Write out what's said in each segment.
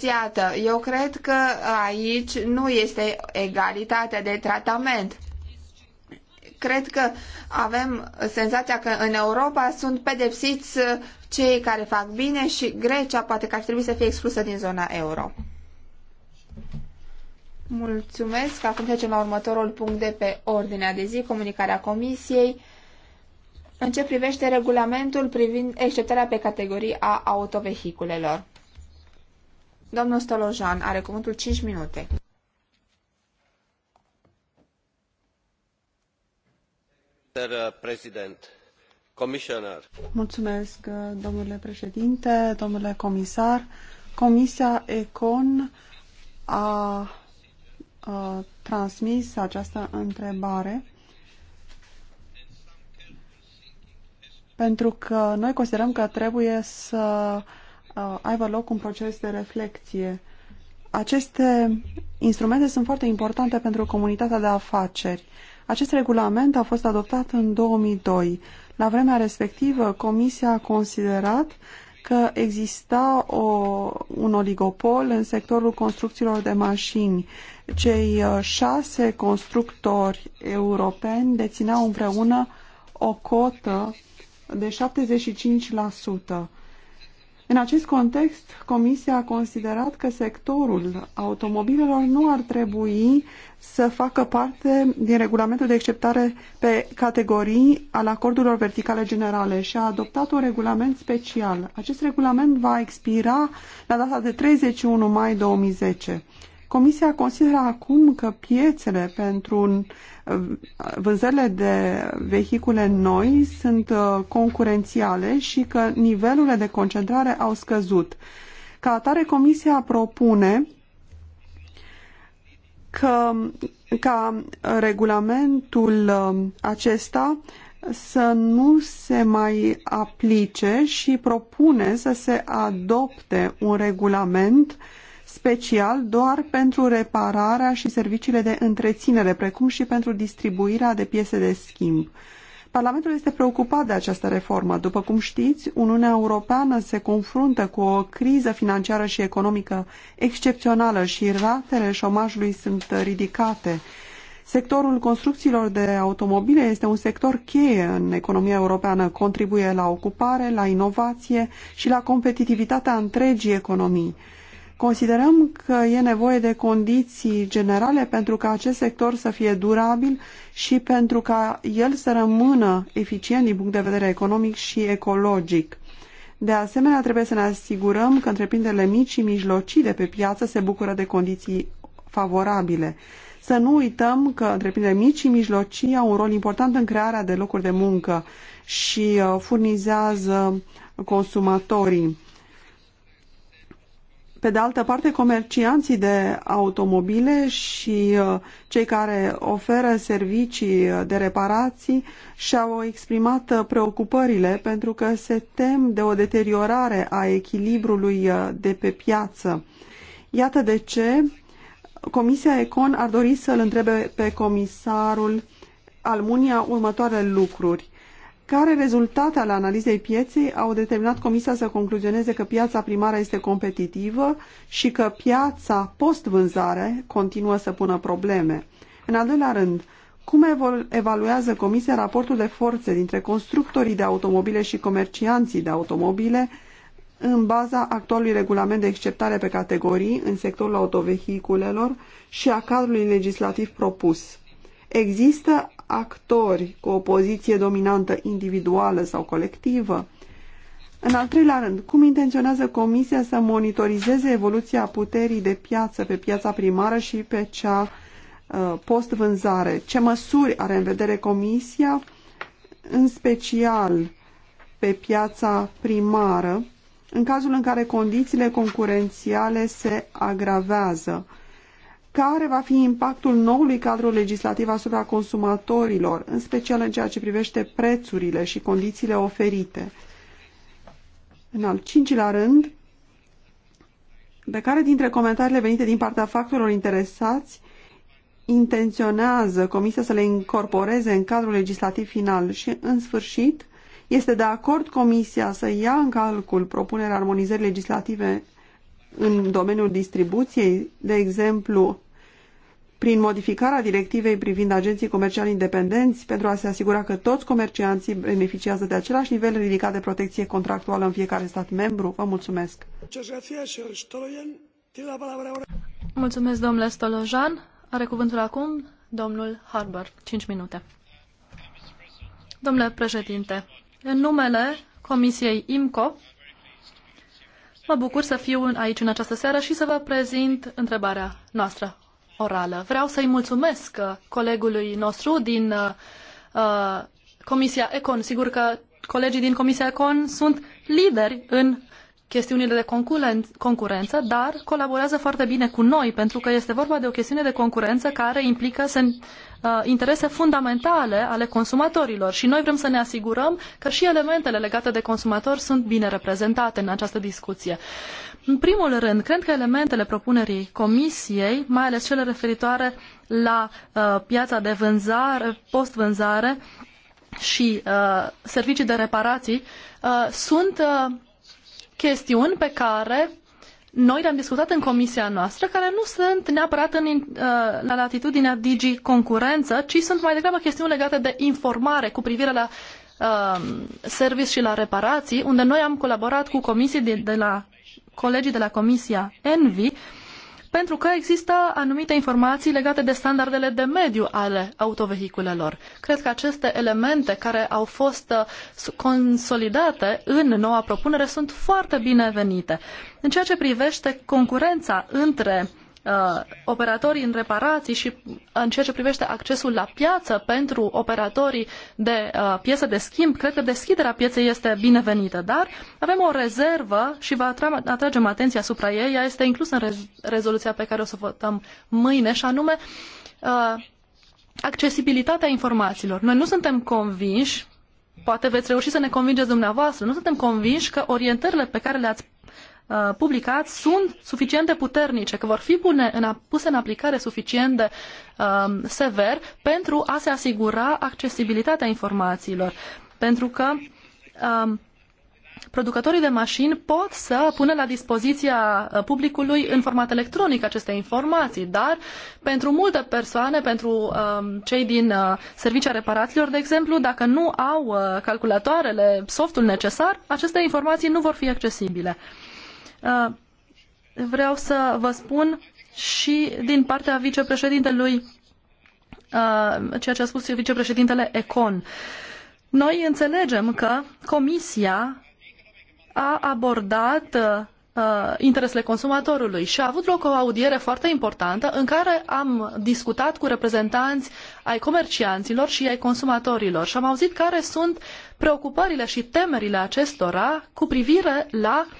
Deci, iată, eu cred că aici nu este egalitate de tratament. Cred că avem senzația că în Europa sunt pedepsiți cei care fac bine și Grecia poate că ar trebui să fie exclusă din zona euro. Mulțumesc. Acum trecem la următorul punct de pe ordinea de zi, comunicarea Comisiei. În ce privește regulamentul privind exceptarea pe categorii a autovehiculelor. Domnul Stolojan are cuvântul 5 minute. Uh, Mulțumesc, uh, domnule președinte, domnule comisar. Comisia Econ a, a uh, transmis această întrebare pentru că noi considerăm că trebuie să Uh, aibă loc un proces de reflecție. Aceste instrumente sunt foarte importante pentru comunitatea de afaceri. Acest regulament a fost adoptat în 2002. La vremea respectivă, Comisia a considerat că exista o, un oligopol în sectorul construcțiilor de mașini. Cei uh, șase constructori europeni dețineau împreună o cotă de 75%. În acest context, Comisia a considerat că sectorul automobilelor nu ar trebui să facă parte din regulamentul de acceptare pe categorii al acordurilor verticale generale și a adoptat un regulament special. Acest regulament va expira la data de 31 mai 2010. Comisia consideră acum că piețele pentru uh, vânzările de vehicule noi sunt uh, concurențiale și că nivelurile de concentrare au scăzut. Ca atare, Comisia propune că, ca regulamentul uh, acesta să nu se mai aplice și propune să se adopte un regulament uh, special doar pentru repararea și serviciile de întreținere, precum și pentru distribuirea de piese de schimb. Parlamentul este preocupat de această reformă. După cum știți, Uniunea Europeană se confruntă cu o criză financiară și economică excepțională și ratele șomajului sunt ridicate. Sectorul construcțiilor de automobile este un sector cheie în economia europeană, contribuie la ocupare, la inovație și la competitivitatea întregii economii. Considerăm că e nevoie de condiții generale pentru ca acest sector să fie durabil și pentru ca el să rămână eficient din punct de vedere economic și ecologic. De asemenea, trebuie să ne asigurăm că întreprinderile mici și mijlocii de pe piață se bucură de condiții favorabile. Să nu uităm că întreprinderile mici și mijlocii au un rol important în crearea de locuri de muncă și uh, furnizează consumatorii. Pe de altă parte, comercianții de automobile și uh, cei care oferă servicii de reparații și-au exprimat uh, preocupările pentru că se tem de o deteriorare a echilibrului uh, de pe piață. Iată de ce Comisia Econ ar dori să-l întrebe pe comisarul Almunia următoarele lucruri care rezultate ale analizei pieței au determinat Comisia să concluzioneze că piața primară este competitivă și că piața post-vânzare continuă să pună probleme. În al doilea rând, cum evaluează Comisia raportul de forțe dintre constructorii de automobile și comercianții de automobile în baza actualului regulament de acceptare pe categorii în sectorul autovehiculelor și a cadrului legislativ propus? Există actori cu o poziție dominantă individuală sau colectivă? În al treilea rând, cum intenționează Comisia să monitorizeze evoluția puterii de piață pe piața primară și pe cea uh, post-vânzare? Ce măsuri are în vedere Comisia, în special pe piața primară, în cazul în care condițiile concurențiale se agravează? care va fi impactul noului cadru legislativ asupra consumatorilor, în special în ceea ce privește prețurile și condițiile oferite. În al cincilea rând, pe care dintre comentariile venite din partea factorilor interesați intenționează Comisia să le incorporeze în cadrul legislativ final și, în sfârșit, este de acord Comisia să ia în calcul propunerea armonizării legislative în domeniul distribuției, de exemplu, prin modificarea directivei privind agenții comerciali independenți pentru a se asigura că toți comercianții beneficiază de același nivel ridicat de protecție contractuală în fiecare stat membru. Vă mulțumesc! Mulțumesc, domnule Stolojan. Are cuvântul acum domnul Harbour. 5 minute. Domnule președinte, în numele Comisiei IMCO, Mă bucur să fiu aici în această seară și să vă prezint întrebarea noastră orală. Vreau să-i mulțumesc uh, colegului nostru din uh, uh, Comisia Econ. Sigur că colegii din Comisia Econ sunt lideri în chestiunile de concurență, dar colaborează foarte bine cu noi, pentru că este vorba de o chestiune de concurență care implică uh, interese fundamentale ale consumatorilor și noi vrem să ne asigurăm că și elementele legate de consumatori sunt bine reprezentate în această discuție. În primul rând, cred că elementele propunerii Comisiei, mai ales cele referitoare la uh, piața de vânzare, post-vânzare și uh, servicii de reparații, uh, sunt uh, chestiuni pe care noi le-am discutat în comisia noastră, care nu sunt neapărat în, uh, la latitudinea Digi Concurență, ci sunt mai degrabă chestiuni legate de informare cu privire la uh, um, service și la reparații, unde noi am colaborat cu comisii de, de la colegii de la Comisia Envi pentru că există anumite informații legate de standardele de mediu ale autovehiculelor. Cred că aceste elemente care au fost uh, consolidate în noua propunere sunt foarte binevenite. În ceea ce privește concurența între uh, operatorii în reparații și uh, în ceea ce privește accesul la piață pentru operatorii de uh, piese de schimb, cred că deschiderea pieței este binevenită, dar avem o rezervă și vă atragem atenția asupra ei, ea este inclusă în rez- rezoluția pe care o să o votăm mâine și anume uh, accesibilitatea informațiilor. Noi nu suntem convinși, poate veți reuși să ne convingeți dumneavoastră, nu suntem convinși că orientările pe care le-ați Uh, publicați sunt suficient de puternice, că vor fi în, puse în aplicare suficient de um, sever pentru a se asigura accesibilitatea informațiilor. Pentru că um, producătorii de mașini pot să pună la dispoziția uh, publicului în format electronic aceste informații, dar pentru multe persoane, pentru um, cei din uh, servicia reparațiilor, de exemplu, dacă nu au uh, calculatoarele, softul necesar, aceste informații nu vor fi accesibile. Uh, Uh, vreau să vă spun și din partea vicepreședintelui uh, ceea ce a spus vicepreședintele Econ. Noi înțelegem că Comisia a abordat uh, interesele consumatorului și a avut loc o audiere foarte importantă în care am discutat cu reprezentanți ai comercianților și ai consumatorilor și am auzit care sunt preocupările și temerile acestora cu privire la uh,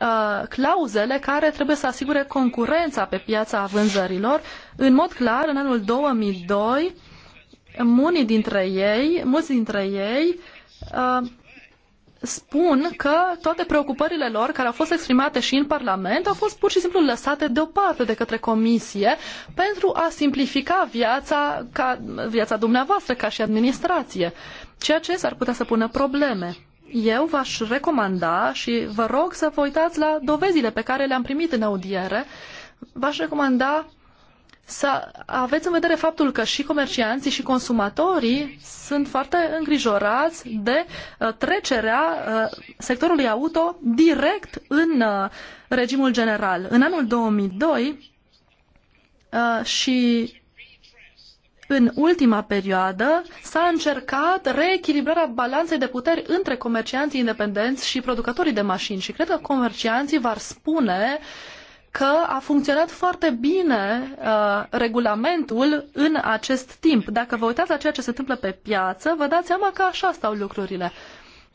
Uh, clauzele care trebuie să asigure concurența pe piața vânzărilor. În mod clar, în anul 2002, unii dintre ei, mulți dintre ei, uh, spun că toate preocupările lor care au fost exprimate și în Parlament au fost pur și simplu lăsate deoparte de către Comisie pentru a simplifica viața, ca, viața dumneavoastră ca și administrație, ceea ce s-ar putea să pună probleme eu v-aș recomanda și vă rog să vă uitați la dovezile pe care le-am primit în audiere, v-aș recomanda să aveți în vedere faptul că și comercianții și consumatorii sunt foarte îngrijorați de uh, trecerea uh, sectorului auto direct în uh, regimul general. În anul 2002 și în ultima perioadă s-a încercat reechilibrarea balanței de puteri între comercianții independenți și producătorii de mașini și cred că comercianții v-ar spune că a funcționat foarte bine uh, regulamentul în acest timp. Dacă vă uitați la ceea ce se întâmplă pe piață, vă dați seama că așa stau lucrurile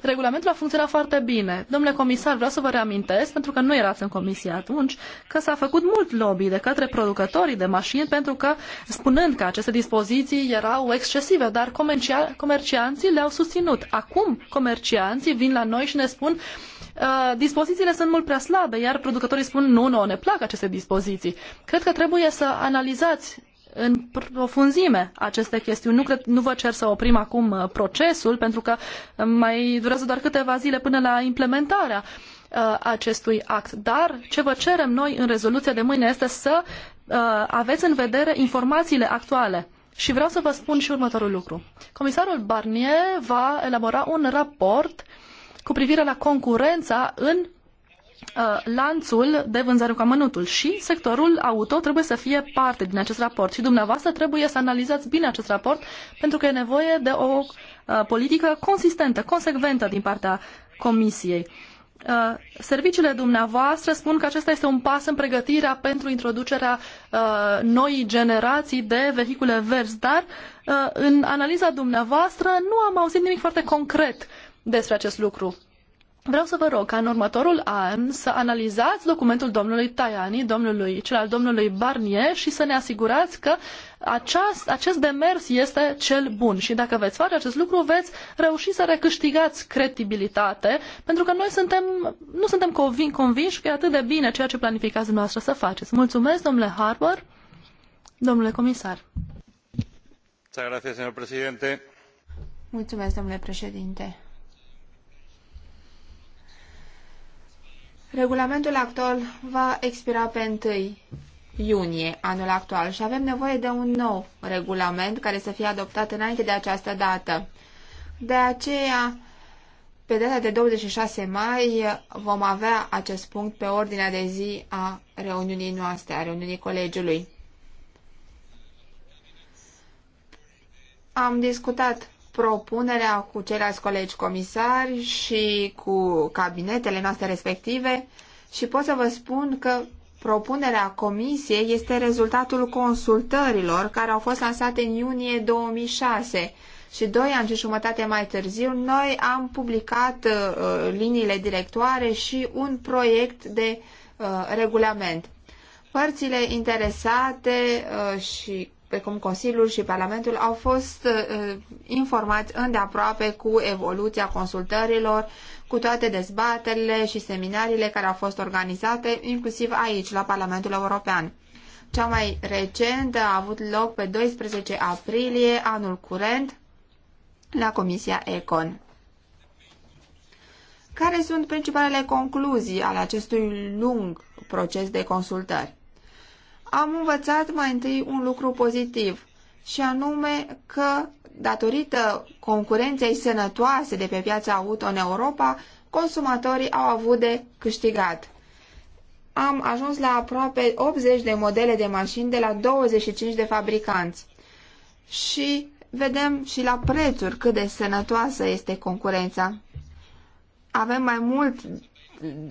regulamentul a funcționat foarte bine. Domnule comisar, vreau să vă reamintesc, pentru că nu erați în comisie atunci, că s-a făcut mult lobby de către producătorii de mașini, pentru că, spunând că aceste dispoziții erau excesive, dar comercia- comercianții le-au susținut. Acum comercianții vin la noi și ne spun uh, dispozițiile sunt mult prea slabe, iar producătorii spun nu, nu, ne plac aceste dispoziții. Cred că trebuie să analizați în profunzime aceste chestiuni. Nu, cred, nu vă cer să oprim acum uh, procesul, pentru că uh, mai durează doar câteva zile până la implementarea uh, acestui act. Dar ce vă cerem noi în rezoluția de mâine este să aveți în vedere informațiile actuale. Și vreau să vă spun și următorul lucru. Comisarul Barnier va elabora un raport cu privire la concurența în Uh, lanțul de vânzare cu amănuntul și sectorul auto trebuie să fie parte din acest raport și dumneavoastră trebuie să analizați bine acest raport pentru că e nevoie de o uh, politică consistentă, consecventă din partea Comisiei. Uh, serviciile dumneavoastră spun că acesta este un pas în pregătirea pentru introducerea noii generații de vehicule verzi, dar în analiza dumneavoastră nu am auzit nimic foarte concret despre acest lucru. Vreau să vă rog ca în următorul an să analizați documentul domnului Tajani, domnului, cel al domnului Barnier și să ne asigurați că aceast, acest demers este cel bun și dacă veți face acest lucru veți reuși să recâștigați credibilitate pentru că noi suntem, nu suntem convin, convinși că e atât de bine ceea ce planificați noastră să faceți. Mulțumesc, domnule Harbour, domnule comisar. Mulțumesc, domnule președinte. Regulamentul actual va expira pe 1 iunie anul actual și avem nevoie de un nou regulament care să fie adoptat înainte de această dată. De aceea, pe data de 26 mai vom avea acest punct pe ordinea de zi a reuniunii noastre, a reuniunii colegiului. Am discutat propunerea cu ceilalți colegi comisari și cu cabinetele noastre respective și pot să vă spun că propunerea comisiei este rezultatul consultărilor care au fost lansate în iunie 2006 și doi ani și jumătate mai târziu noi am publicat uh, liniile directoare și un proiect de uh, regulament. Părțile interesate uh, și precum Consiliul și Parlamentul, au fost uh, informați îndeaproape cu evoluția consultărilor, cu toate dezbaterile și seminariile care au fost organizate, inclusiv aici, la Parlamentul European. Cea mai recentă a avut loc pe 12 aprilie anul curent la Comisia Econ. Care sunt principalele concluzii ale acestui lung proces de consultări? am învățat mai întâi un lucru pozitiv, și anume că, datorită concurenței sănătoase de pe piața auto în Europa, consumatorii au avut de câștigat. Am ajuns la aproape 80 de modele de mașini de la 25 de fabricanți. Și vedem și la prețuri cât de sănătoasă este concurența. Avem mai mult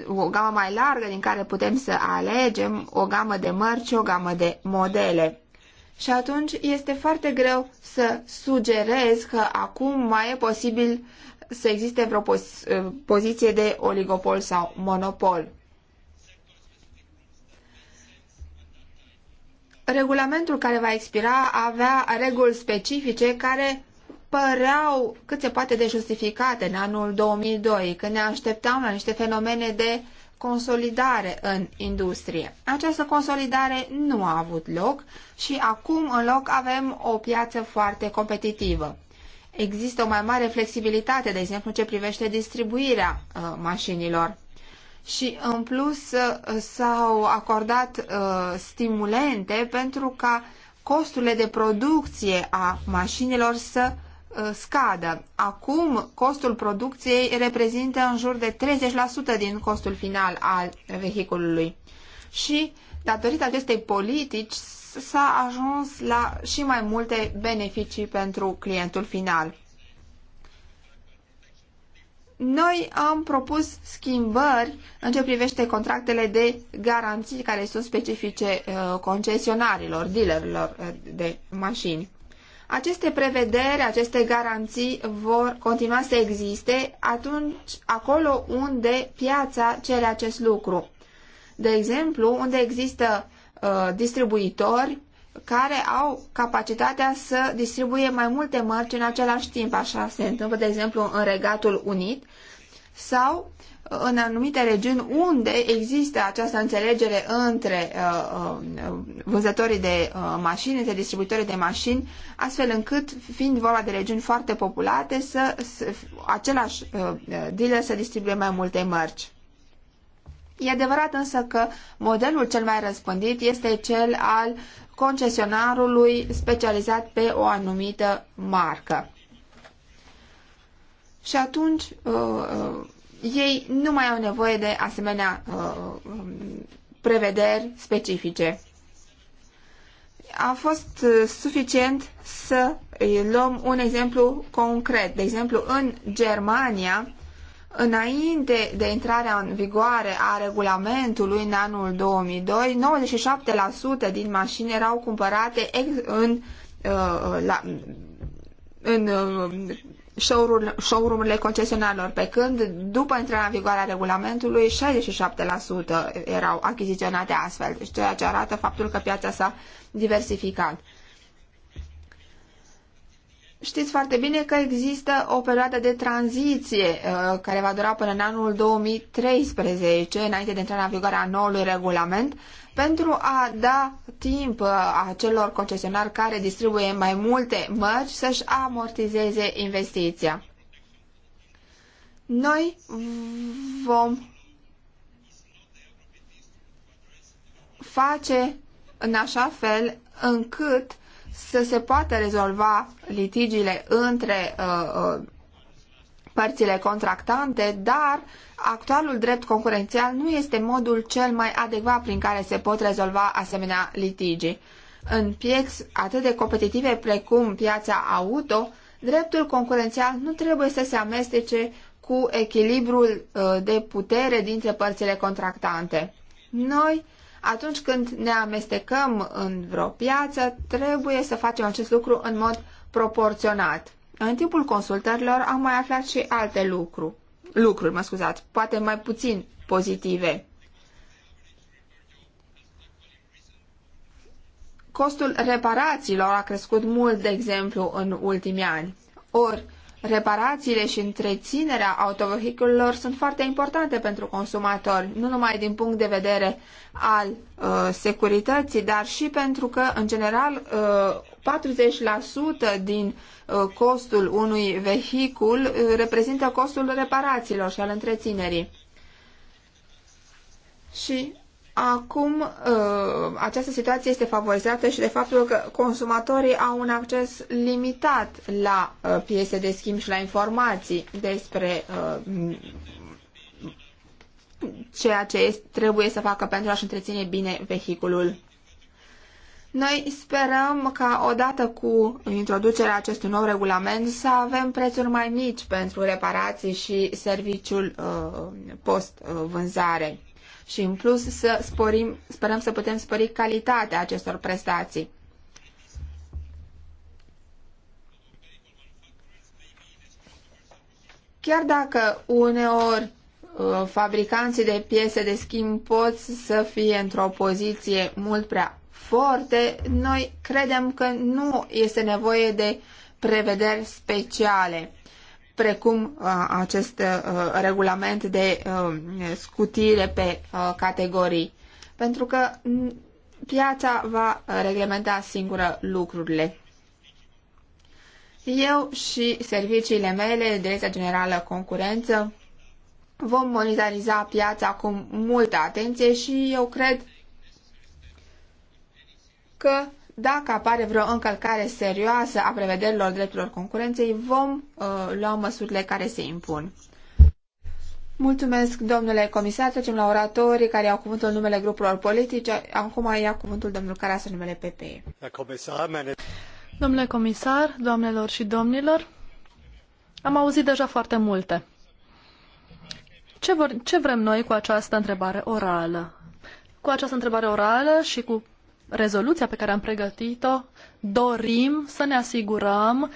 o gamă mai largă din care putem să alegem o gamă de mărci, o gamă de modele. Și atunci este foarte greu să sugerez că acum mai e posibil să existe vreo poz- poziție de oligopol sau monopol. Regulamentul care va expira avea reguli specifice care păreau cât se poate de justificate în anul 2002, când ne așteptam la niște fenomene de consolidare în industrie. Această consolidare nu a avut loc și acum în loc avem o piață foarte competitivă. Există o mai mare flexibilitate, de exemplu, ce privește distribuirea uh, mașinilor. Și în plus uh, s-au acordat uh, stimulente pentru ca costurile de producție a mașinilor să Uh, scadă. Acum costul producției reprezintă în jur de 30% din costul final al vehiculului. Și datorită acestei politici s-a ajuns la și mai multe beneficii pentru clientul final. Noi am propus schimbări în ce privește contractele de garanții care sunt specifice uh, concesionarilor, dealerilor uh, de mașini. Aceste prevederi, aceste garanții vor continua să existe atunci acolo unde piața cere acest lucru. De exemplu, unde există uh, distribuitori care au capacitatea să distribuie mai multe mărci în același timp. Așa se întâmplă, de exemplu, în Regatul Unit, sau uh, în anumite regiuni unde există această înțelegere între uh, uh, vânzătorii de mașini, între distribuitorii de mașini, astfel încât, fiind vorba de regiuni foarte populate, să, să același dealer să distribuie mai multe mărci. E adevărat însă că modelul cel mai răspândit este cel al concesionarului specializat pe o anumită marcă și atunci uh, uh, ei nu mai au nevoie de asemenea uh, um, prevederi specifice. A fost uh, suficient să luăm un exemplu concret. De exemplu, în Germania, Înainte de intrarea în vigoare a regulamentului în anul 2002, 97% din mașini erau cumpărate în, uh, la, în uh, showroom-urile concesionarilor, pe când după intrarea în vigoare a regulamentului 67% erau achiziționate astfel, deci ceea ce arată faptul că piața s-a diversificat. Știți foarte bine că există o perioadă de tranziție uh, care va dura până în anul 2013, înainte de intrarea în vigoare a noului regulament, pentru a da timp uh, acelor concesionari care distribuie mai multe mărci să-și amortizeze investiția. Noi vom face în așa fel încât să se poată rezolva litigiile între uh, uh, părțile contractante, dar actualul drept concurențial nu este modul cel mai adecvat prin care se pot rezolva asemenea litigii. În piețe atât de competitive precum piața auto, dreptul concurențial nu trebuie să se amestece cu echilibrul uh, de putere dintre părțile contractante. Noi atunci când ne amestecăm în vreo piață, trebuie să facem acest lucru în mod proporționat. În timpul consultărilor am mai aflat și alte lucru, lucruri, mă scuzați, poate mai puțin pozitive. Costul reparațiilor a crescut mult, de exemplu, în ultimii ani. Ori, reparațiile și întreținerea autovehiculelor sunt foarte importante pentru consumatori, nu numai din punct de vedere al uh, securității, dar și pentru că, în general, uh, 40% din uh, costul unui vehicul uh, reprezintă costul reparațiilor și al întreținerii. Și Acum, uh, această situație este favorizată și de faptul că consumatorii au un acces limitat la uh, piese de schimb și la informații despre uh, ceea ce trebuie să facă pentru a-și întreține bine vehiculul. Noi sperăm ca odată cu introducerea acestui nou regulament să avem prețuri mai mici pentru reparații și serviciul post-vânzare și în plus să sporim, sperăm să putem spori calitatea acestor prestații. Chiar dacă uneori uh, fabricanții de piese de schimb pot să fie într-o poziție mult prea forte, noi credem că nu este nevoie de prevederi speciale precum uh, acest uh, regulament de uh, scutire pe categorii. Pentru că mm, piața va reglementa singură lucrurile. Eu și serviciile mele, Direcția Generală Concurență, vom monitoriza piața cu multă atenție și eu cred că dacă apare vreo încălcare serioasă a prevederilor drepturilor concurenței, vom uh, lua măsurile care se impun. Mulțumesc, domnule comisar. Trecem la oratorii care au cuvântul numele grupurilor politice. Acum ia cuvântul domnul Caras în numele PPE. Domnule comisar, doamnelor și domnilor, am auzit deja foarte multe. Ce, vor, ce vrem noi cu această întrebare orală? Cu această întrebare orală și cu rezoluția pe care am pregătit-o dorim să ne asigurăm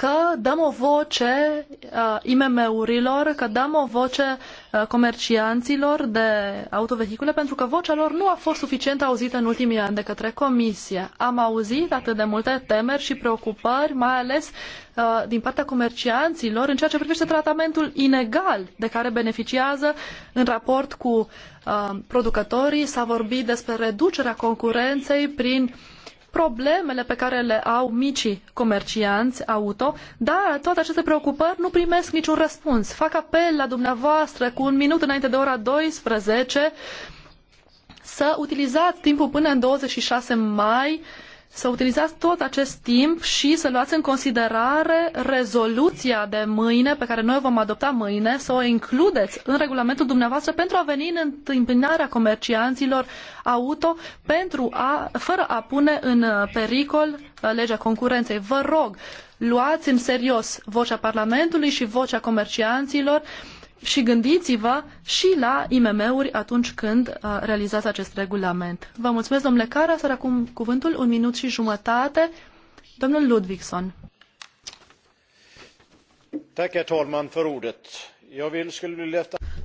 că dăm o voce uh, IMM-urilor, că dăm o voce uh, comercianților de autovehicule, pentru că vocea lor nu a fost suficient auzită în ultimii ani de către Comisie. Am auzit atât de multe temeri și preocupări, mai ales uh, din partea comercianților, în ceea ce privește tratamentul inegal de care beneficiază în raport cu uh, producătorii. S-a vorbit despre reducerea concurenței prin uh, problemele pe care le au micii comercianți auto, dar toate aceste preocupări nu primesc niciun răspuns. Fac apel la dumneavoastră cu un minut înainte de ora 12 să utilizați timpul până în 26 mai uh, să utilizați tot acest timp și să luați în considerare rezoluția de mâine, pe care noi o vom adopta mâine, să o includeți în regulamentul dumneavoastră pentru a veni în întâmpinarea comercianților auto, pentru a, fără a pune în pericol legea concurenței. Vă rog, luați în serios vocea Parlamentului și vocea comercianților și gândiți-vă și la IMM-uri atunci când uh, realizați acest regulament. Vă mulțumesc, domnule Cara, să acum cuvântul un minut și jumătate. Domnul Ludvigson.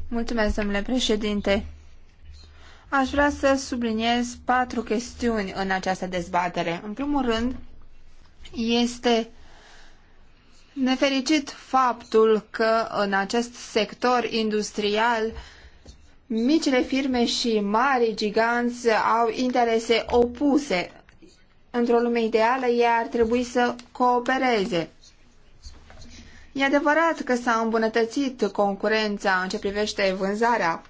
Mulțumesc, domnule președinte. Aș vrea să subliniez patru chestiuni în această dezbatere. În primul rând, este nefericit faptul că în acest sector industrial micile firme și mari giganți au interese opuse. Într-o lume ideală, ei ar trebui să coopereze. E adevărat că s-a îmbunătățit concurența în ce privește vânzarea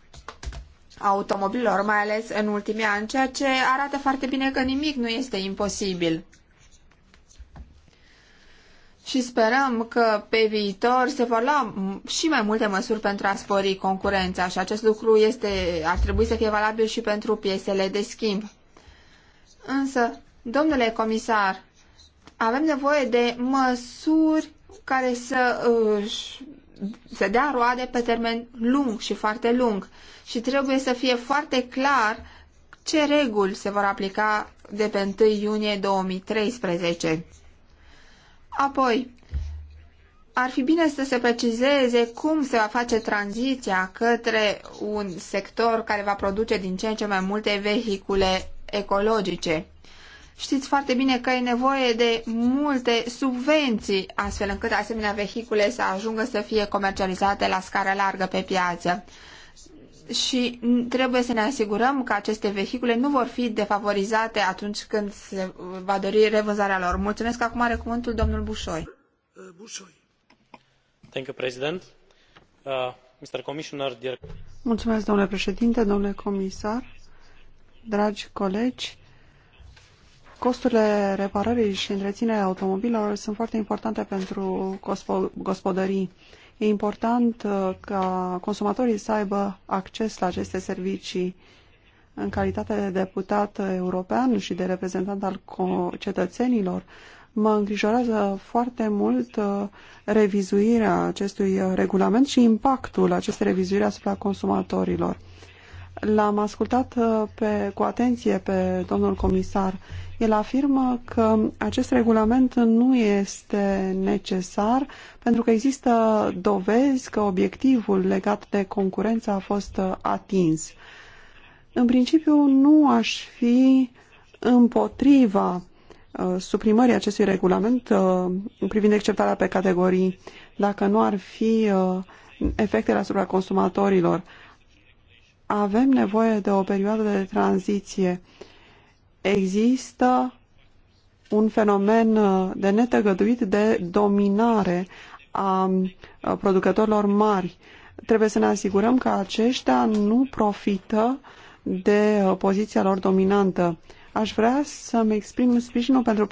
automobilor, mai ales în ultimii ani, ceea ce arată foarte bine că nimic nu este imposibil și sperăm că pe viitor se vor lua și mai multe măsuri pentru a spori concurența și acest lucru este, ar trebui să fie valabil și pentru piesele de schimb. Însă, domnule comisar, avem nevoie de măsuri care să, să dea roade pe termen lung și foarte lung și trebuie să fie foarte clar ce reguli se vor aplica de pe 1 iunie 2013. Apoi, ar fi bine să se precizeze cum se va face tranziția către un sector care va produce din ce în ce mai multe vehicule ecologice. Știți foarte bine că e nevoie de multe subvenții, astfel încât asemenea vehicule să ajungă să fie comercializate la scară largă pe piață și trebuie să ne asigurăm că aceste vehicule nu vor fi defavorizate atunci când se va dori revânzarea lor. Mulțumesc. Acum are cuvântul domnul Bușoi. Uh, Bușoi. Thank you, President. Uh, Mr. Commissioner, dear... Mulțumesc, domnule președinte, domnule comisar, dragi colegi. Costurile reparării și întreținerea automobilelor sunt foarte importante pentru gospodării. E important uh, ca consumatorii să aibă acces la aceste servicii. În calitate de deputat european și de reprezentant al cetățenilor, mă îngrijorează foarte mult uh, revizuirea acestui uh, regulament și impactul acestei revizuiri asupra consumatorilor. L-am ascultat pe, cu atenție pe domnul comisar. El afirmă că acest regulament nu este necesar pentru că există dovezi că obiectivul legat de concurență a fost atins. În principiu, nu aș fi împotriva uh, suprimării acestui regulament uh, privind acceptarea pe categorii, dacă nu ar fi uh, efectele asupra consumatorilor. Avem nevoie de o perioadă de tranziție există un fenomen uh, de netăgăduit de dominare a uh, producătorilor mari. Trebuie să ne asigurăm că aceștia nu profită de uh, poziția lor dominantă. Aș vrea să-mi exprim sprijinul pentru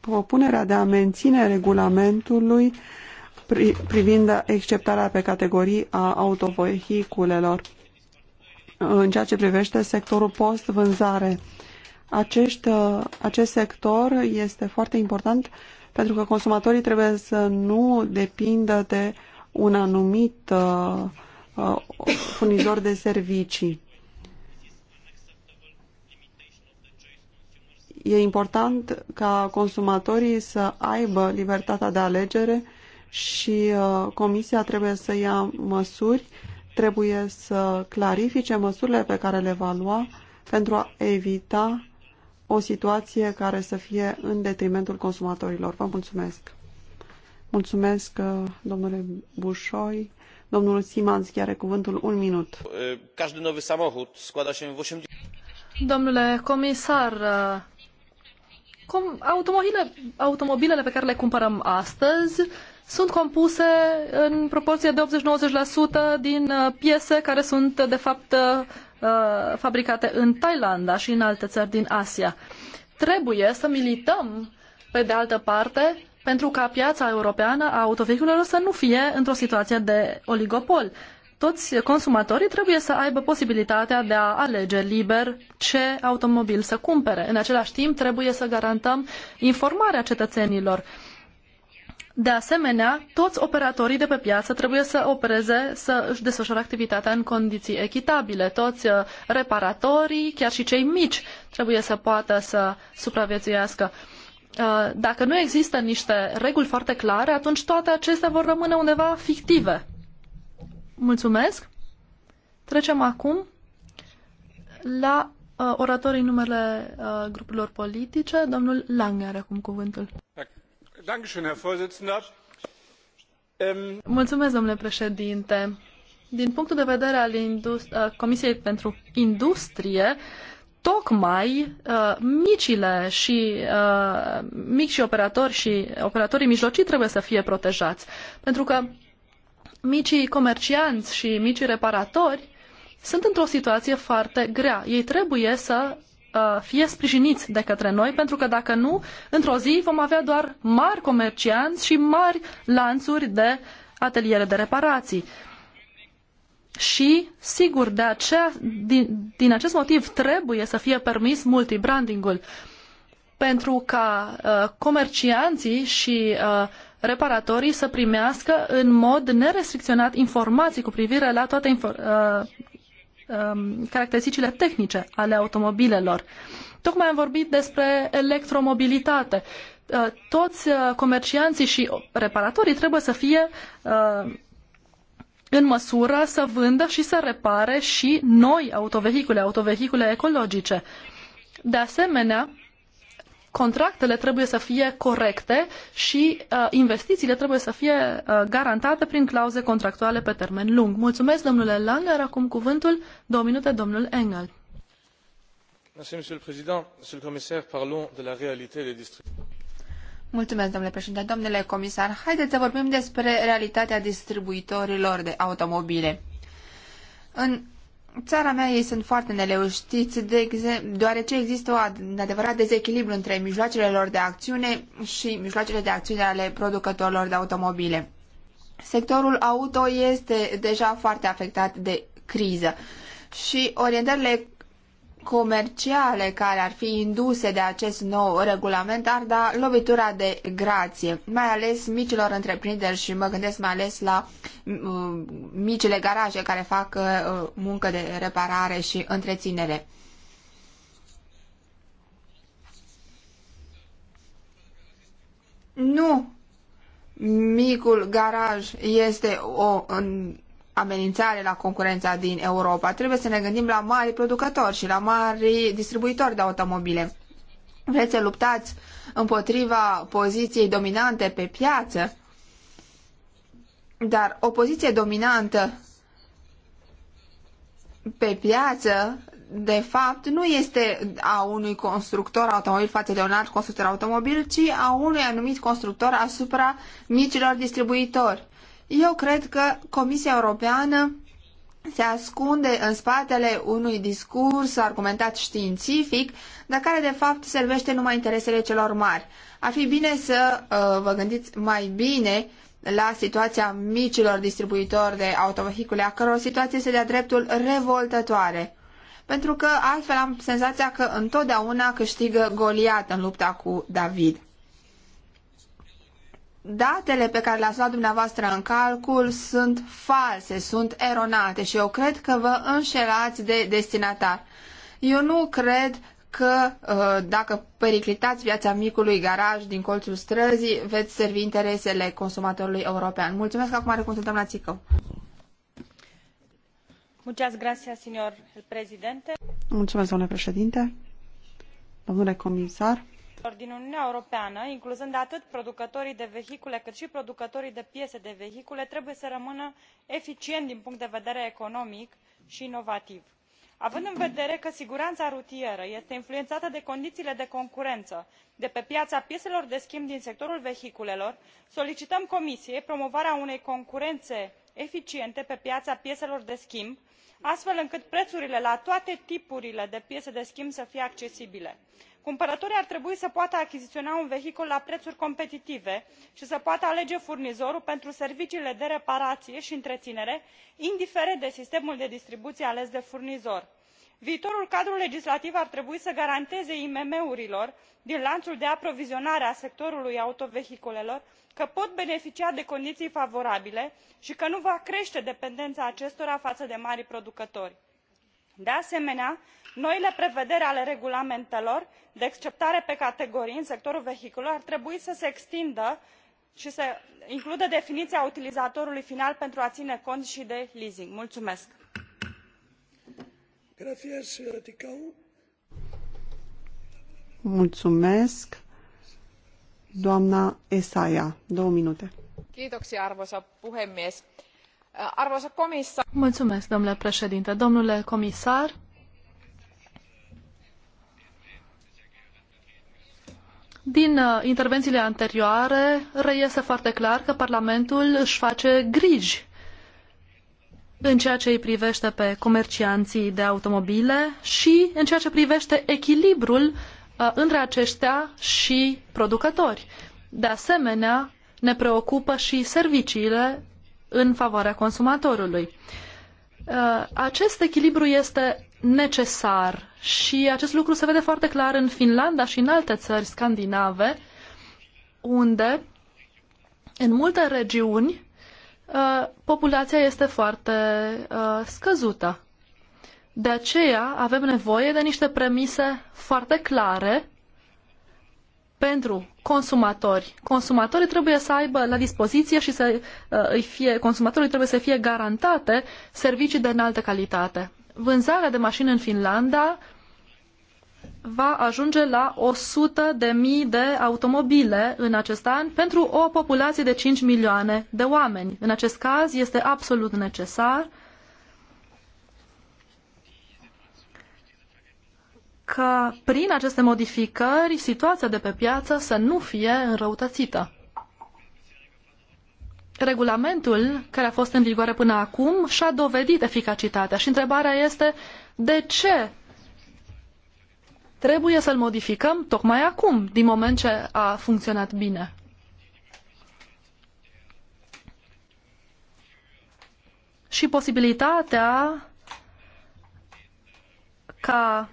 propunerea de a menține regulamentului privind acceptarea pe categorii a autovehiculelor în ceea ce privește sectorul post-vânzare acești, uh, acest sector este foarte important pentru că consumatorii trebuie să nu depindă de un anumit uh, uh, furnizor de servicii. E important ca consumatorii să aibă libertatea de alegere și uh, comisia trebuie să ia măsuri, trebuie să clarifice măsurile pe care le va lua pentru a evita o situație care să fie în detrimentul consumatorilor. Vă mulțumesc! Mulțumesc, uh, domnule Bușoi. Domnul chiar are cuvântul un minut. Domnule comisar, uh, cum automobile, automobilele pe care le cumpărăm astăzi sunt compuse în proporție de 80-90% din uh, piese care sunt, de fapt, Uh, fabricate în Thailanda și în alte țări din Asia. Trebuie să milităm, pe de altă parte, pentru ca piața europeană a autovehiculelor să nu fie într-o situație de oligopol. Toți consumatorii trebuie să aibă posibilitatea de a alege liber ce automobil să cumpere. În același timp, trebuie să garantăm informarea cetățenilor de asemenea, toți operatorii de pe piață trebuie să opereze, să își desfășoare activitatea în condiții echitabile. Toți uh, reparatorii, chiar și cei mici, trebuie să poată să supraviețuiască. Uh, dacă nu există niște reguli foarte clare, atunci toate acestea vor rămâne undeva fictive. Mulțumesc! Trecem acum la uh, oratorii numele grupurilor politice. Domnul Lange are acum cuvântul. Ähm, Mulțumesc, domnule președinte. Din punctul de vedere al Comisiei pentru Industrie, tocmai uh, micile și uh, mici operatori și operatorii mijlocii trebuie să fie protejați. Pentru că micii comercianți și micii reparatori sunt într-o situație foarte grea. Ei trebuie să Uh, fie sprijiniți de către noi, pentru că dacă nu, într-o zi vom avea doar mari comercianți și mari lanțuri de ateliere de reparații. Și, sigur, de aceea, din, din acest motiv trebuie să fie permis multibrandingul, pentru ca uh, comercianții și uh, reparatorii să primească în mod nerestricționat informații cu privire la toate uh, um, caracteristicile tehnice ale automobilelor. Tocmai am vorbit despre electromobilitate. Uh, toți uh, comercianții și reparatorii trebuie să fie uh, în măsură să vândă și să repare și noi autovehicule, autovehicule ecologice. De asemenea, contractele trebuie să fie corecte și uh, investițiile trebuie să fie uh, garantate prin clauze contractuale pe termen lung. Mulțumesc, domnule Langer. Acum cuvântul, două minute, domnul Engel. Mulțumesc, domnule președinte. Domnule comisar, haideți să vorbim despre realitatea distribuitorilor de automobile. În țara mea ei sunt foarte neleu, de exemplu, deoarece există un adevărat dezechilibru între mijloacele lor de acțiune și mijloacele de acțiune ale producătorilor de automobile. Sectorul auto este deja foarte afectat de criză și orientările comerciale care ar fi induse de acest nou regulament ar da lovitura de grație, mai ales micilor întreprinderi și mă gândesc mai ales la uh, micile garaje care fac uh, muncă de reparare și întreținere. Nu micul garaj este o amenințare la concurența din Europa. Trebuie să ne gândim la mari producători și la mari distribuitori de automobile. Vreți să luptați împotriva poziției dominante pe piață? Dar o poziție dominantă pe piață, de fapt, nu este a unui constructor automobil față de un alt constructor automobil, ci a unui anumit constructor asupra micilor distribuitori. Eu cred că Comisia Europeană se ascunde în spatele unui discurs argumentat științific, dar care de fapt servește numai interesele celor mari. Ar fi bine să uh, vă gândiți mai bine la situația micilor distribuitori de autovehicule, a căror situație este de-a dreptul revoltătoare. Pentru că altfel am senzația că întotdeauna câștigă Goliat în lupta cu David datele pe care le-ați luat dumneavoastră în calcul sunt false, sunt eronate și eu cred că vă înșelați de destinatar. Eu nu cred că uh, dacă periclitați viața micului garaj din colțul străzii, veți servi interesele consumatorului european. Mulțumesc că acum are cuvântul doamna Țicău. Mulțumesc, domnule președinte. Domnule comisar, din uniunea europeană incluzând atât producătorii de vehicule cât i producătorii de piese de vehicule trebuie să rămână eficieni din punct de vedere economic i inovativ. având în vedere că sigurana rutieră este influenată de condiiile de concurenă de pe piaa pieselor de schimb din sectorul vehiculelor solicităm comisiei promovarea unei concurene eficiente pe piaa pieselor de schimb astfel încât preurile la toate tipurile de piese de schimb să fie accesibile cumpărătorii ar trebui să poată achiziiona un vehicul la prețuri competitive și să poată alege furnizorul pentru serviciile de reparaie și întreținere indiferent de sistemul de distribuție ales de furnizor. viitorul cadru legislativ ar trebui să garanteze imm urilor din lanțul de aprovizionare a sectorului autovehiculelor că pot beneficia de condiții favorabile și că nu va crește dependența acestora față de marii producători. de asemenea noile prevederi ale regulamentelor de exceptare pe categorii în sectorul vehiculelor ar trebui să se extindă i să includă definiia utilizatorului final pentru a ine cont i de leasing. Mulțumesc. Mulțumesc. două minute. Mulțumesc, domnule președinte. Domnule comisar, Din uh, intervențiile anterioare reiese foarte clar că Parlamentul își face griji în ceea ce îi privește pe comercianții de automobile și în ceea ce privește echilibrul uh, între aceștia și producători. De asemenea, ne preocupă și serviciile în favoarea consumatorului. Uh, acest echilibru este necesar și acest lucru se vede foarte clar în Finlanda și în alte țări scandinave, unde în multe regiuni uh, populația este foarte uh, scăzută. De aceea avem nevoie de niște premise foarte clare pentru consumatori. Consumatorii trebuie să aibă la dispoziție și să uh, îi fie, consumatorii trebuie să fie garantate servicii de înaltă calitate vânzarea de mașini în Finlanda va ajunge la 100 de mii de automobile în acest an pentru o populație de 5 milioane de oameni. În acest caz este absolut necesar ca prin aceste modificări situația de pe piață să nu fie înrăutățită regulamentul care a fost în vigoare până acum și-a dovedit eficacitatea și întrebarea este de ce trebuie să-l modificăm tocmai acum, din moment ce a funcționat bine. Și posibilitatea ca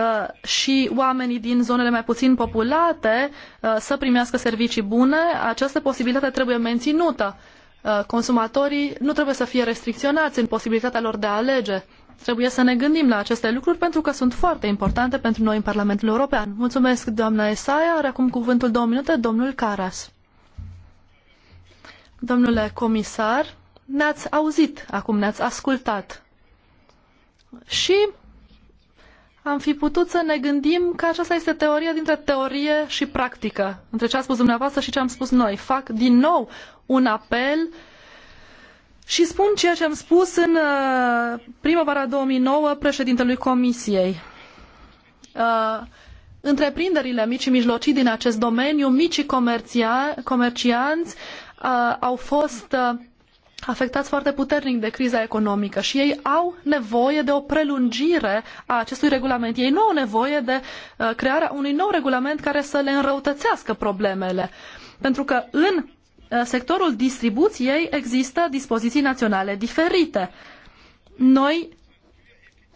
Uh, și oamenii din zonele mai puțin populate uh, să primească servicii bune, această posibilitate trebuie menținută. Uh, consumatorii nu trebuie să fie restricționați în posibilitatea lor de a alege. Trebuie să ne gândim la aceste lucruri pentru că sunt foarte importante pentru noi în Parlamentul European. Mulțumesc, doamna Esaia. Are acum cuvântul două minute, domnul Caras. Domnule comisar, ne-ați auzit, acum ne-ați ascultat. Și am fi putut să ne gândim că aceasta este teoria dintre teorie și practică, între ce a spus dumneavoastră și ce am spus noi. Fac din nou un apel și spun ceea ce am spus în uh, primăvara 2009 președintelui Comisiei. Uh, întreprinderile mici și mijlocii din acest domeniu, micii comercianți, uh, au fost afectați foarte puternic de criza economică și ei au nevoie de o prelungire a acestui regulament. Ei nu au nevoie de uh, crearea unui nou regulament care să le înrăutățească problemele. Pentru că în uh, sectorul distribuției există dispoziții naționale diferite. Noi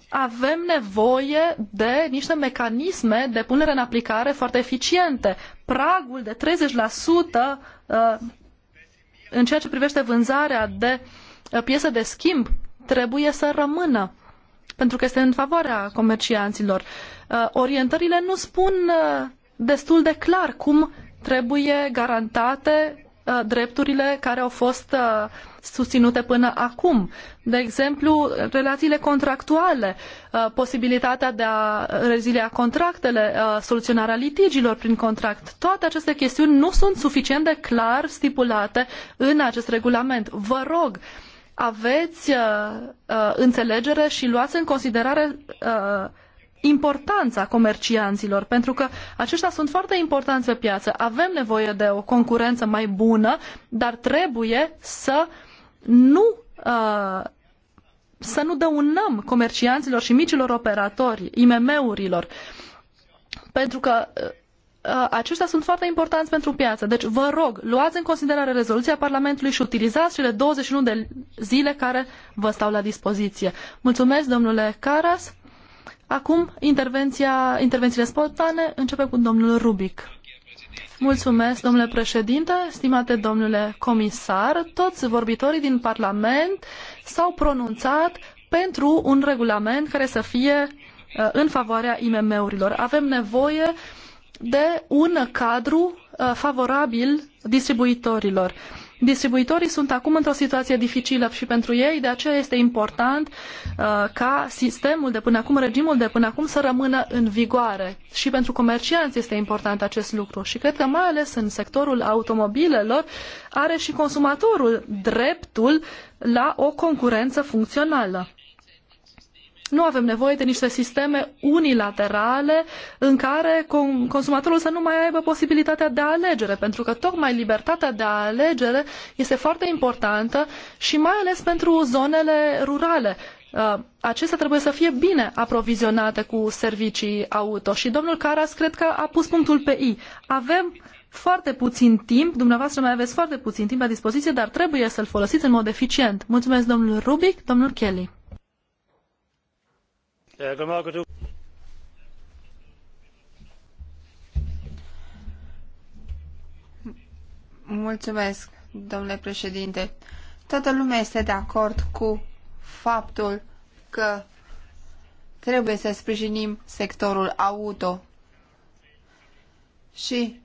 avem nevoie de niște mecanisme de punere în aplicare foarte eficiente. Pragul de 30% în ceea ce privește vânzarea de eh, piese de schimb, trebuie să rămână, pentru că este în favoarea comercianților. Eh, orientările nu spun eh, destul de clar cum trebuie garantate Uh, drepturile care au fost uh, susținute până acum. De exemplu, relațiile contractuale, uh, posibilitatea de a rezilia contractele, soluționarea litigiilor prin contract. Toate aceste chestiuni nu sunt suficient de clar stipulate în acest regulament. Vă rog, aveți înțelegere și luați în considerare importanța comercianților, pentru că aceștia sunt foarte importanți pe piață. Avem nevoie de o concurență mai bună, dar trebuie să nu uh, să nu dăunăm comercianților și micilor operatori, IMM-urilor, pentru că uh, uh aceștia sunt foarte importanți pentru piață. Deci vă rog, luați în considerare rezoluția Parlamentului și utilizați cele 21 de zile care vă stau la dispoziție. Mulțumesc, domnule Caras. Acum, intervenția, intervențiile spontane începe cu domnul Rubic. Mulțumesc, domnule președinte, stimate domnule comisar. Toți vorbitorii din Parlament s-au pronunțat pentru un regulament care să fie uh, în favoarea IMM-urilor. Avem nevoie de un cadru uh, favorabil distribuitorilor. Distribuitorii sunt acum într-o situație dificilă și pentru ei, de aceea este important uh, ca sistemul de până acum, regimul de până acum să rămână în vigoare. Și pentru comercianți este important acest lucru. Și cred că mai ales în sectorul automobilelor are și consumatorul dreptul la o concurență funcțională. Nu avem nevoie de niște sisteme unilaterale în care consumatorul să nu mai aibă posibilitatea de alegere, pentru că tocmai libertatea de alegere este foarte importantă și mai ales pentru zonele rurale uh, acestea trebuie să fie bine aprovizionate cu servicii auto. Și domnul Caras cred că a pus punctul pe I. Avem foarte puțin timp, dumneavoastră mai aveți foarte puțin timp la dispoziție, dar trebuie să-l folosiți în mod eficient. Mulțumesc domnul Rubic, domnul Kelly. Mulțumesc, domnule președinte. Toată lumea este de acord cu faptul că trebuie să sprijinim sectorul auto. Și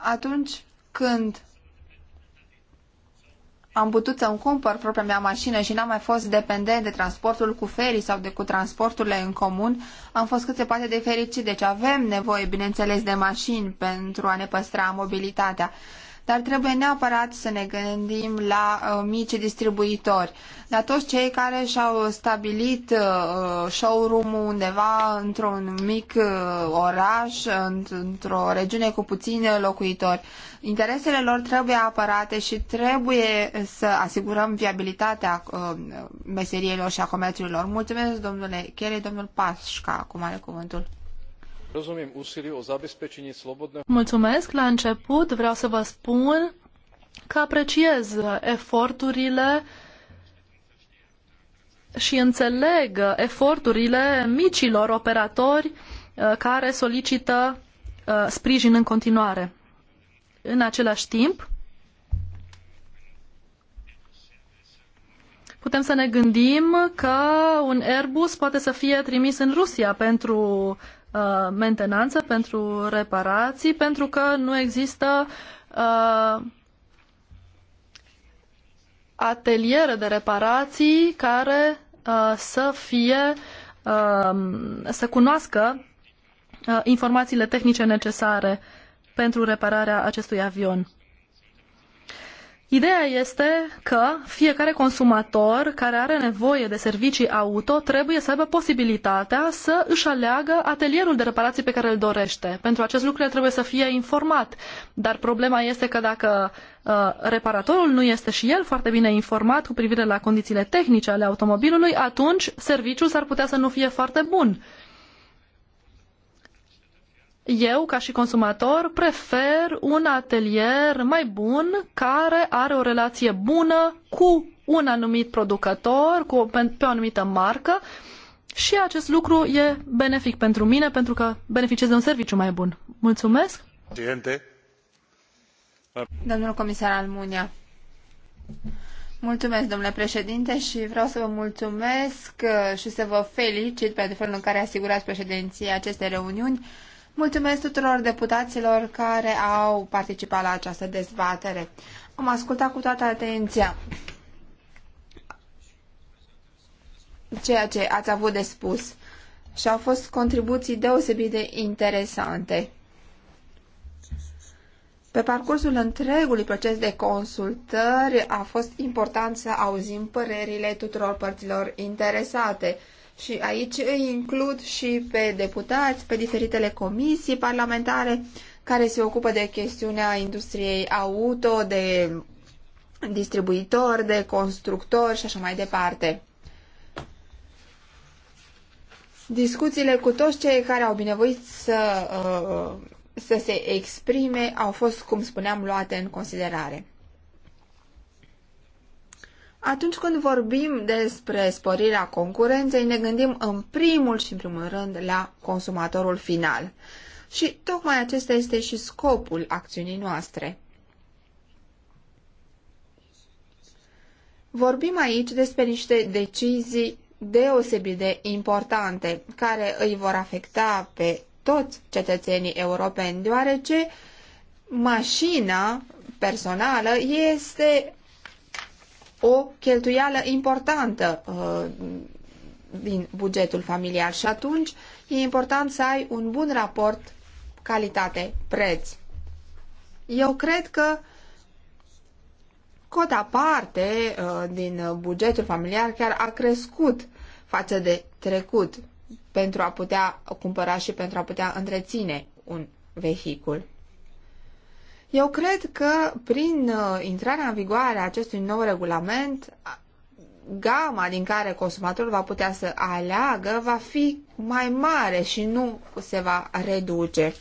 atunci când am putut să-mi cumpăr propria mea mașină și n-am mai fost dependent de transportul cu ferii sau de cu transporturile în comun, am fost cât se poate de fericit. Deci avem nevoie, bineînțeles, de mașini pentru a ne păstra mobilitatea dar trebuie neapărat să ne gândim la uh, mici distribuitori, la toți cei care și-au stabilit uh, showroom-ul undeva într-un mic uh, oraș, într-o regiune cu puține locuitori. Interesele lor trebuie apărate și trebuie să asigurăm viabilitatea uh, lor și a comerțului lor. Mulțumesc, domnule Chere, domnul Pașca, cum are cuvântul. Mulțumesc. La început vreau să vă spun că apreciez eforturile și înțeleg eforturile micilor operatori uh, care solicită uh, sprijin în continuare. În același timp, putem să ne gândim că un Airbus poate să fie trimis în Rusia pentru uh, mentenanță, pentru reparații, pentru că nu există uh, ateliere de reparații care uh, să fie um, să cunoască uh, informațiile tehnice necesare pentru repararea acestui avion. Ideea este că fiecare consumator care are nevoie de servicii auto trebuie să aibă posibilitatea să își aleagă atelierul de reparații pe care îl dorește. Pentru acest lucru el trebuie să fie informat, dar problema este că dacă uh, reparatorul nu este și el foarte bine informat cu privire la condițiile tehnice ale automobilului, atunci serviciul s-ar putea să nu fie foarte bun eu, ca și consumator, prefer un atelier mai bun care are o relație bună cu un anumit producător, cu, pe, pe o anumită marcă și acest lucru e benefic pentru mine pentru că beneficiez de un serviciu mai bun. Mulțumesc! Presidente. Domnul comisar Almunia, Mulțumesc, domnule președinte, și vreau să vă mulțumesc uh, și să vă felicit pentru felul în care asigurați președinția acestei reuniuni. Mulțumesc tuturor deputaților care au participat la această dezbatere. Am ascultat cu toată atenția ceea ce ați avut de spus și au fost contribuții deosebit de interesante. Pe parcursul întregului proces de consultări a fost important să auzim părerile tuturor părților interesate și aici îi includ și pe deputați, pe diferitele comisii parlamentare care se ocupă de chestiunea industriei auto, de distribuitori, de constructori și așa mai departe. Discuțiile cu toți cei care au binevoit să, uh, să se exprime au fost, cum spuneam, luate în considerare. Atunci când vorbim despre sporirea concurenței, ne gândim în primul și în primul rând la consumatorul final. Și tocmai acesta este și scopul acțiunii noastre. Vorbim aici despre niște decizii deosebit de importante, care îi vor afecta pe toți cetățenii europeni, deoarece mașina personală este o cheltuială importantă uh, din bugetul familiar și atunci e important să ai un bun raport calitate-preț. Eu cred că cota parte uh, din bugetul familiar chiar a crescut față de trecut pentru a putea cumpăra și pentru a putea întreține un vehicul. Eu cred că prin uh, intrarea în vigoare a acestui nou regulament, gama din care consumatorul va putea să aleagă va fi mai mare și nu se va reduce.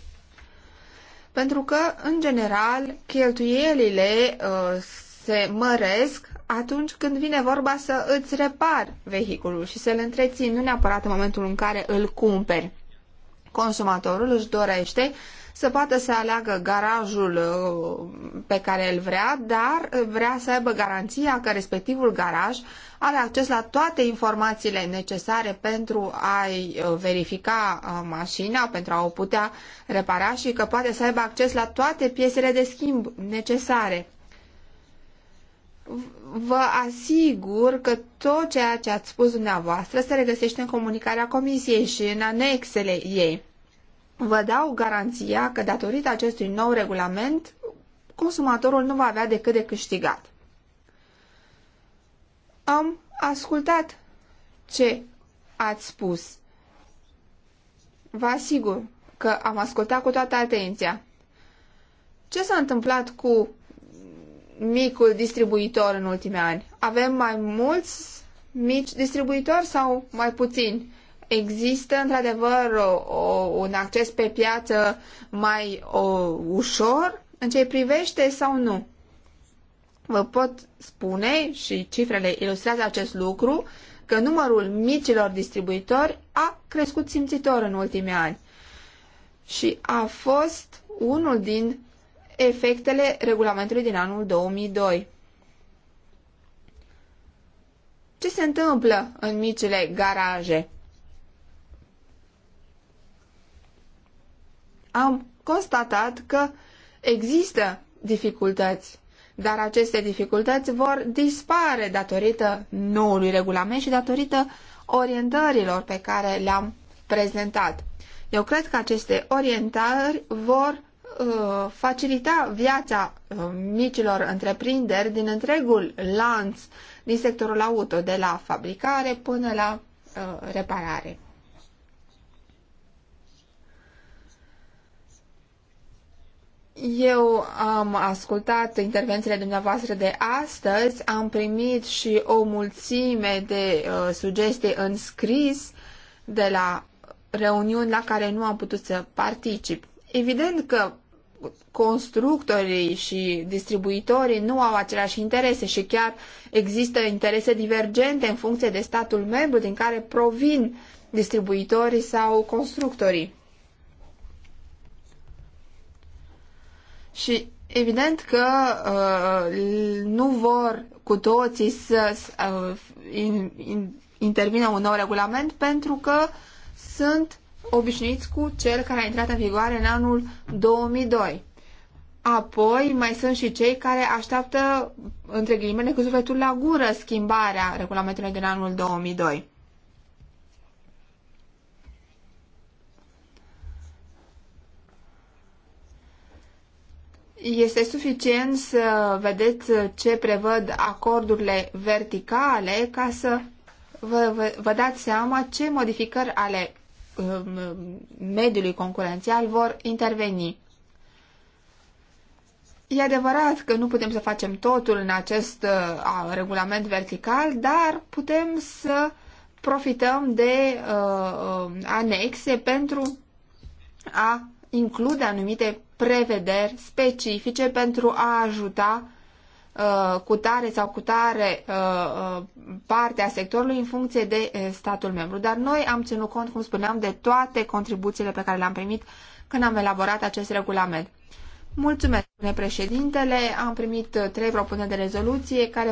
Pentru că, în general, cheltuielile uh, se măresc atunci când vine vorba să îți repar vehiculul și să-l întreții, nu neapărat în momentul în care îl cumperi. Consumatorul își dorește să poată să aleagă garajul uh, pe care îl vrea, dar vrea să aibă garanția că respectivul garaj are acces la toate informațiile necesare pentru a-i uh, verifica uh, mașina, pentru a o putea repara și că poate să aibă acces la toate piesele de schimb necesare vă asigur că tot ceea ce ați spus dumneavoastră se regăsește în comunicarea comisiei și în anexele ei vă dau garanția că datorită acestui nou regulament, consumatorul nu va avea decât de câștigat. Am ascultat ce ați spus. Vă asigur că am ascultat cu toată atenția. Ce s-a întâmplat cu micul distribuitor în ultimii ani? Avem mai mulți mici distribuitori sau mai puțini? există într-adevăr un acces pe piață mai o, ușor în ce privește sau nu? Vă pot spune și cifrele ilustrează acest lucru că numărul micilor distribuitori a crescut simțitor în ultimii ani și a fost unul din efectele regulamentului din anul 2002. Ce se întâmplă în micile garaje? am constatat că există dificultăți, dar aceste dificultăți vor dispare datorită noului regulament și datorită orientărilor pe care le-am prezentat. Eu cred că aceste orientări vor uh, facilita viața uh, micilor întreprinderi din întregul lanț din sectorul auto, de la fabricare până la uh, reparare. Eu am ascultat intervențiile dumneavoastră de astăzi, am primit și o mulțime de uh, sugestii în scris de la reuniuni la care nu am putut să particip. Evident că constructorii și distribuitorii nu au aceleași interese și chiar există interese divergente în funcție de statul membru din care provin distribuitorii sau constructorii. Și evident că uh, nu vor cu toții să uh, in, in, intervină un nou regulament pentru că sunt obișnuiți cu cel care a intrat în vigoare în anul 2002. Apoi mai sunt și cei care așteaptă, între ghilimele, cu sufletul la gură schimbarea regulamentului din anul 2002. Este suficient să vedeți ce prevăd acordurile verticale ca să vă, vă, vă dați seama ce modificări ale um, mediului concurențial vor interveni. E adevărat că nu putem să facem totul în acest uh, regulament vertical, dar putem să profităm de uh, um, anexe pentru a include anumite prevederi specifice pentru a ajuta uh, cu tare sau cu tare uh, uh, partea sectorului în funcție de statul membru. Dar noi am ținut cont, cum spuneam, de toate contribuțiile pe care le-am primit când am elaborat acest regulament. Mulțumesc, domnule președintele. Am primit trei propuneri de rezoluție care